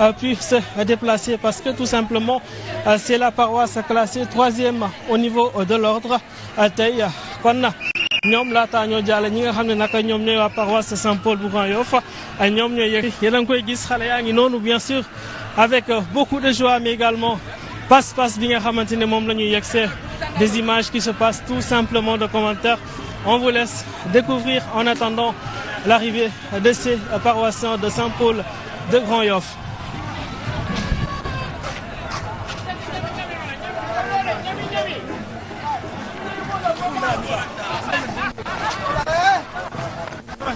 Euh, puisse se déplacer parce que tout simplement euh, c'est la paroisse classée troisième au niveau euh, de l'ordre tey kon ñoom laataa ñoo jàll ñi nga xam ne naka ñoom ñooy waa paroisse Saint-Paul bu Grand Yoff ñoom ñooy yëg yéen a ngi koy gis xale yaa ngi noonu bien sûr avec beaucoup de joie mais également passe-passe bi nga xamante ne moom la ñuy yegsee des images qui se passent tout simplement de commentaires on vous laisse découvrir en attendant l'arrivée de ces paroissiens de Saint-Paul de Grand Yoff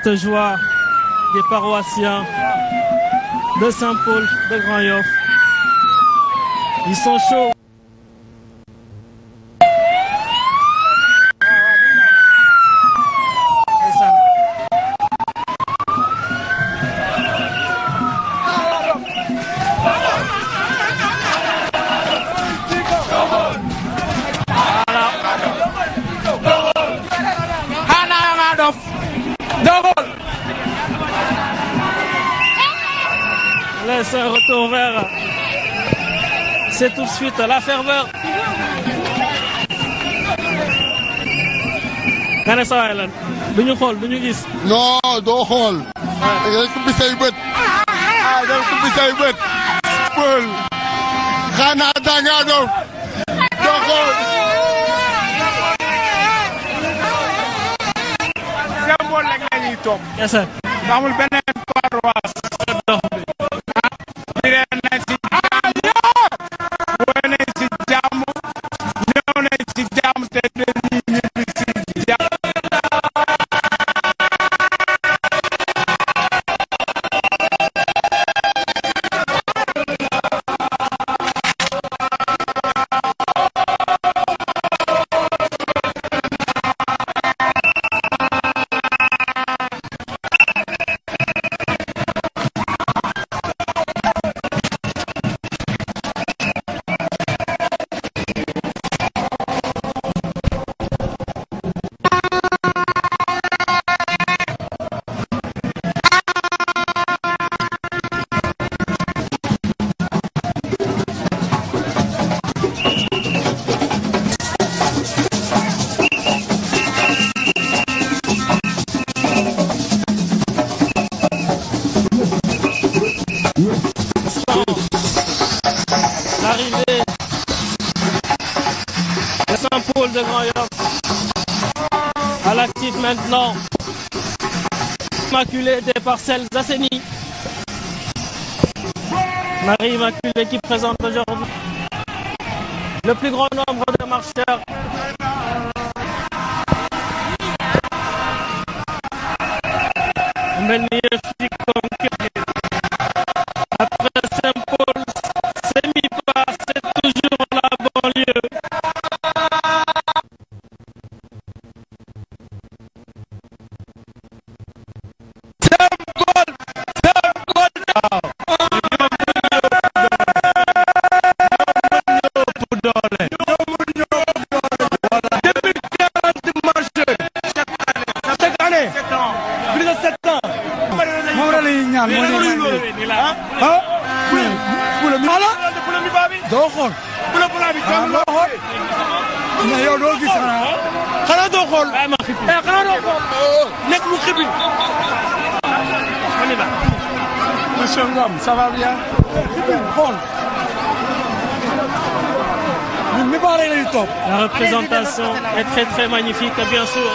Cette joie des paroissiens de Saint-Paul, de Grand-Yoff, ils sont chauds. C'est tout de suite la ferveur. nga ne sawaay lan du ñu xool du ñu gis. non doo xool. da ngay kubbi say bët. ah da ngay kubbi say bët. xool. xanaa da ngaa doon. doo xool. symbole rek la ñuy toog. est-ce que amul benn maintenant Immaculée des parcelles assainies. Marie Immaculée qui présente aujourd'hui le plus grand nombre de marcheurs. Mbel mi Monsieur Ngom ça va bien. Xipil xool. ñun mi baaree La représentation est très magnifique bien sûr.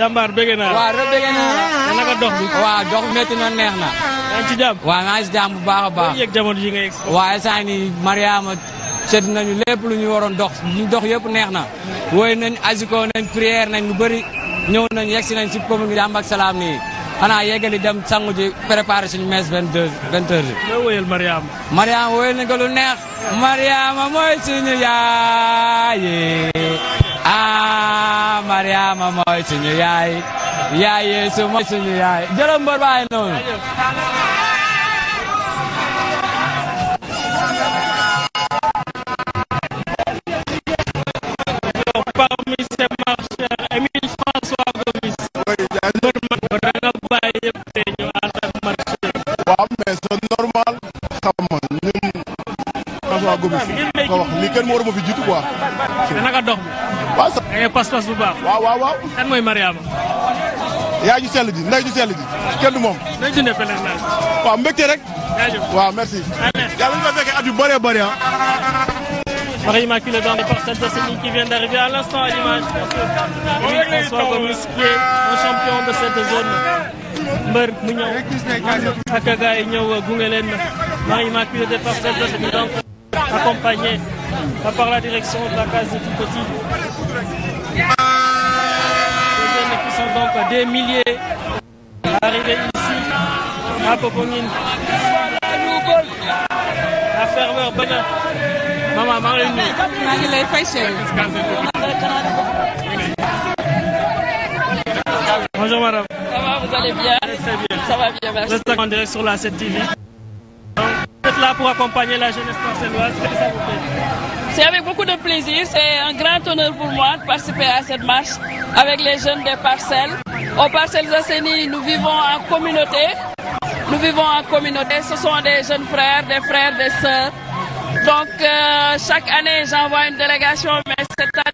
jàmbaar bëgg naa la waaw rek na neex na. yaa ngi ci jàmm. waaw maa ngi ci jàmm bu baax a baax. yëg jamono yi nga yegg. waaw instant nii Mariama seet nañu lépp lu ñu waroon dox ñu dox yëpp neex na. woy nañ asiko nañ prière nañ lu bëri. ñëw nañ yegg si nañ si commune bi jàmm ak salaam nii. xanaa yeggali dem sangu ji préparé suñu mes vingt deux vingt heures. loo woyal Mariama. lu neex. Mariama mooy suñu yaay. ah Mariama mooy suñu yaay yaay Yeesu mooy suñu yaay jërëm mbër baay noonu. waaw mais c'est normal xam nga ñun François Gomis kenn mu war ma fi jiitu quoi. te a dox bi. waaw sax da baax. waaw waaw waaw. kan mooy Mariama. yaay ju sell ji ndey ju sell ji. kenn du moom. nañ dundee pèlerinage. waaw mbégte rek. waaw merci. yàlla ñu ma fekkee at yu bëree bëri ah. Mariama de celui qui vient d'arriver à l'instant à l'image. on soit comme qui est un champion de cette zone. mbër mu ñëw ak gars yi ñëw gunge leen Mariama qui le dans les parcelles de celui donc accompagné. Ça part la direction de la case de tout petit. Les jeunes qui sont donc des milliers arrivés ici à Poponine. La ferveur bañ maman maa ngi lay nuyu. Bonjour madame. Ça vous allez bien? Très bien. Ça va bien, merci. en direct sur la tv pour accompagner la jeunesse marcelloise. Qu'est-ce que ça vous C'est avec beaucoup de plaisir. C'est un grand honneur pour moi de participer à cette marche avec les jeunes des parcelles. Aux parcelles Assainies, nous vivons en communauté. Nous vivons en communauté. Ce sont des jeunes frères, des frères, des sœurs. Donc, euh, chaque année, j'envoie une délégation, mais cette année,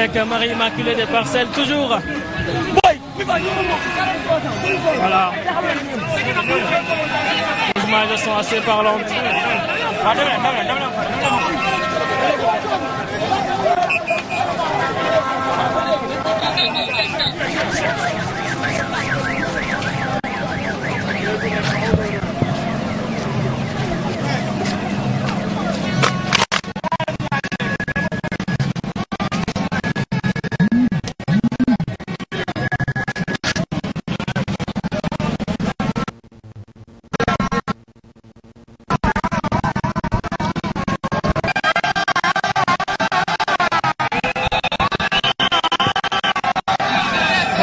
avec Marie Immaculée des Parcelles, toujours. Voilà. Les images sont assez parlantes.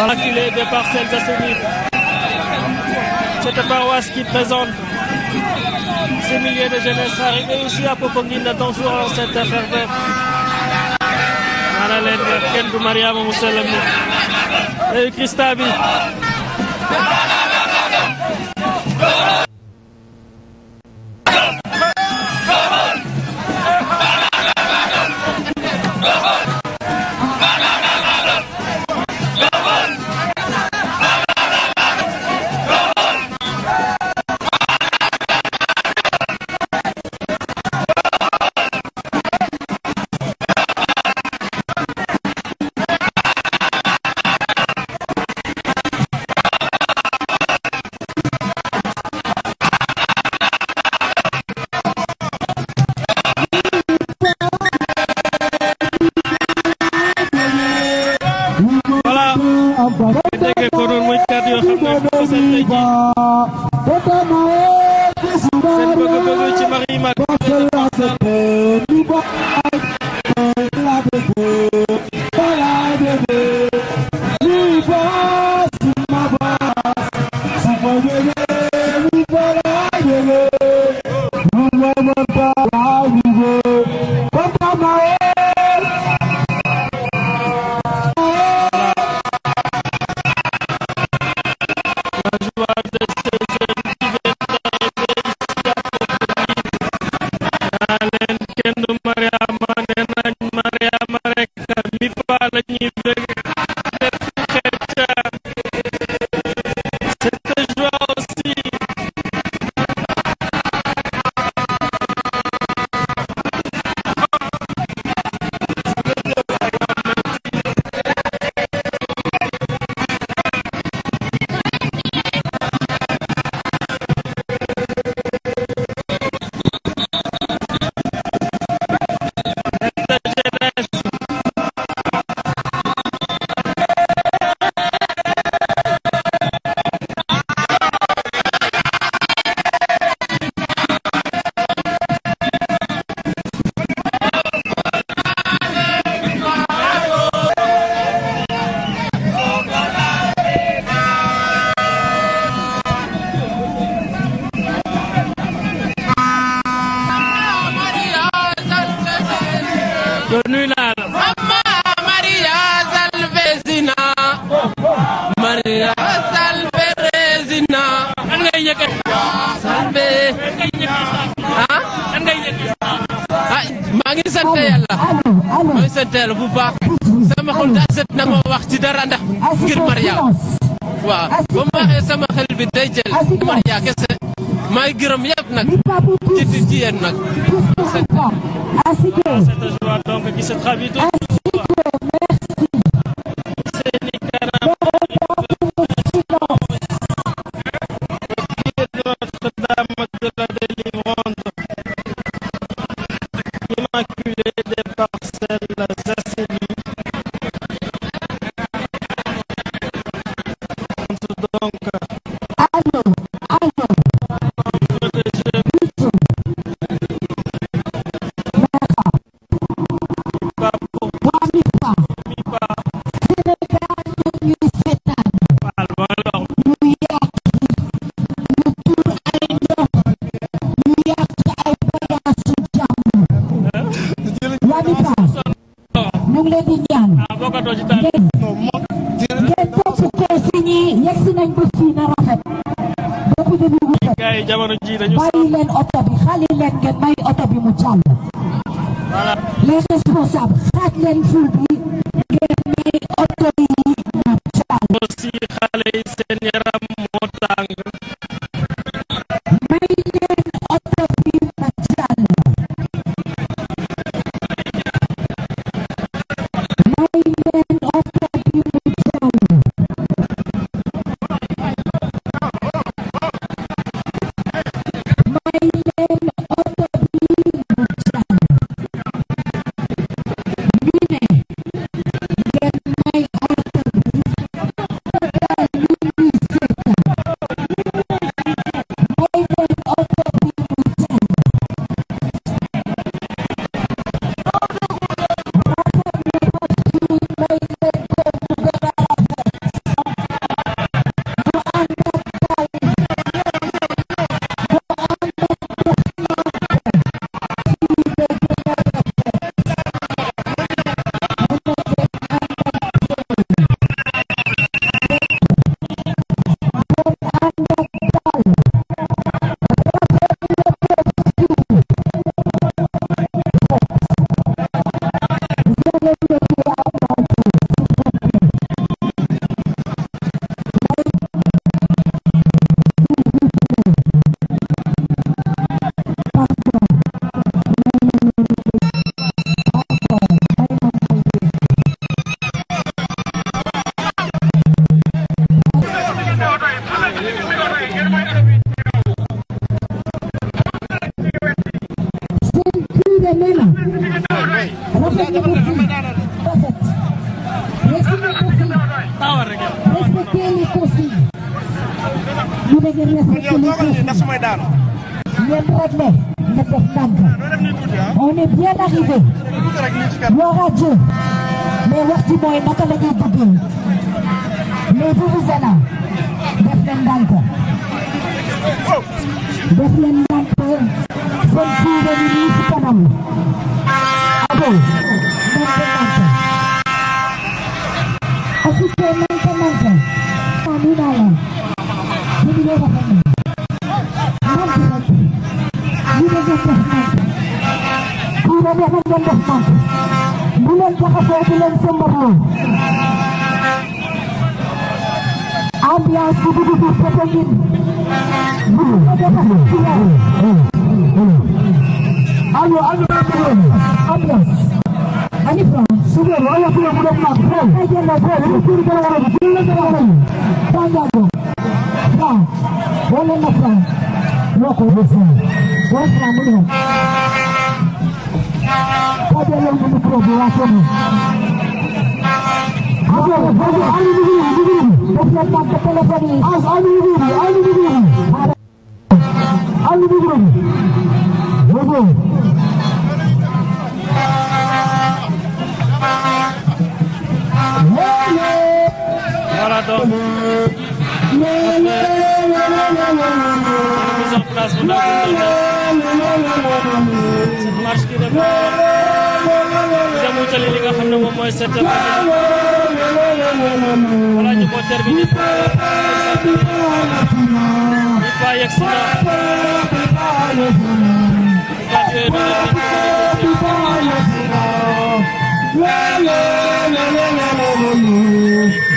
acculé des parcelles assainies. Cette paroisse qui présente ces milliers de jeunesses arrivées ici à Popenguine toujours cette ferveur. Maanaam leen kenn du Mariama mu sellam ne Christa bi ngir Maria waaw ba mu waxee sama xel bi day jël maay gërëm yëpp nag ci ci ñu ngi leen di ñaan ngeen ngeen topp ko signé yegsi nañ ba fii na rafet depuis début bu bàyyi leen oto bi xali leen ngeen respecter les consignes. mu ne ngeen respecter les consignes. yéen rek la. nga def ndànk. on est bien arrivé. gloire à Dieu. mais waxtu mooy naka la ñuy duggee. mais bu bu zana. def leen ndànk. def leen ndànk. seen jiw dañuy nii si kanam. boobu la ngeen def man bu leen jaxasoo bu leen sëmbarloo ambiance bi di dugg côté Ngine bu ko defee ci yaay allo allo ambiance ani fa sugar wala sugar mu dem nak ko ay jëna ko lu ci dara wala bu la dara wala tandago ba wala na loko bu fa wala mu dem abẹ́lẹ̀ nínú population mi. abẹ́lẹ̀ bọ́jú alúgbìrì alúgbìrì bọ́jú ẹ̀ka tẹ́tẹ́lẹ́ bọ́jú alúgbìrì alúgbìrì alúgbìrì gbogbo. Maraton. Maraton. Maraton. demutali li nga xam ne moom mooy seetal wala ñu moteur bi nit ba yegg si na Well, well, well, well, well, well.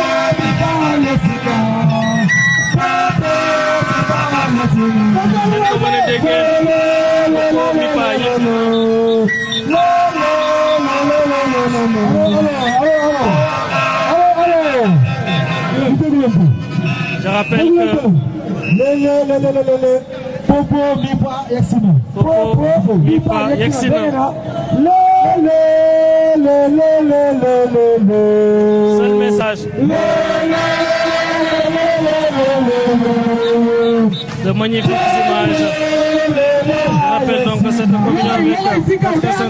danañ ko mën a déggee waxoo mi paa yi. je rappelle que. Popo mi paa yegsi na. Popo mi paa yegsi na. Seul message. de magnifiques images. Je rappelle donc que cette communion avec notre sainte Vierge Marie également.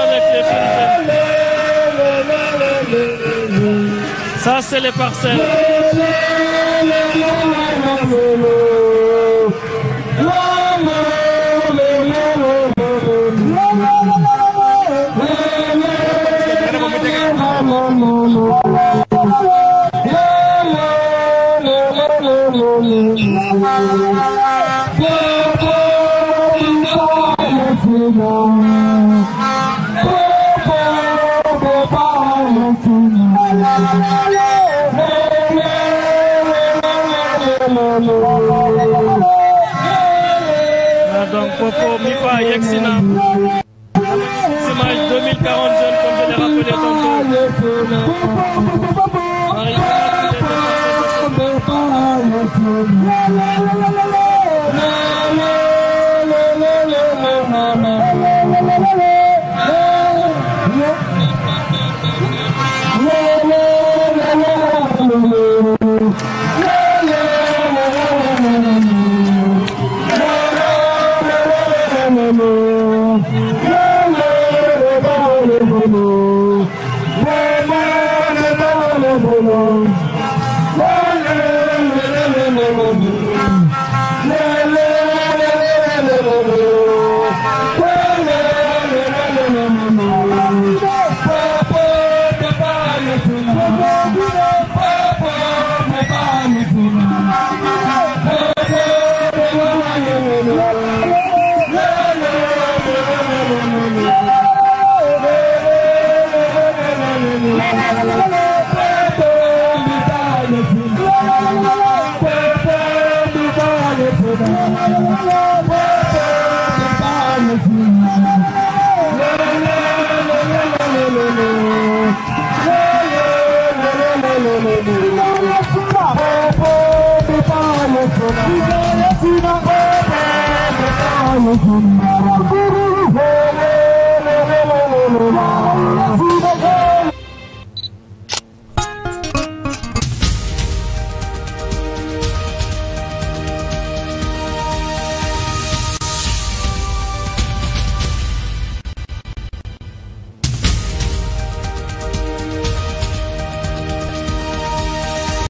avec les phénomènes. Ça, c'est les parcelles. Ah, donc Popo mi fa yegsi na semence 2040 jeunes comme je l'ai rappelé tantôt.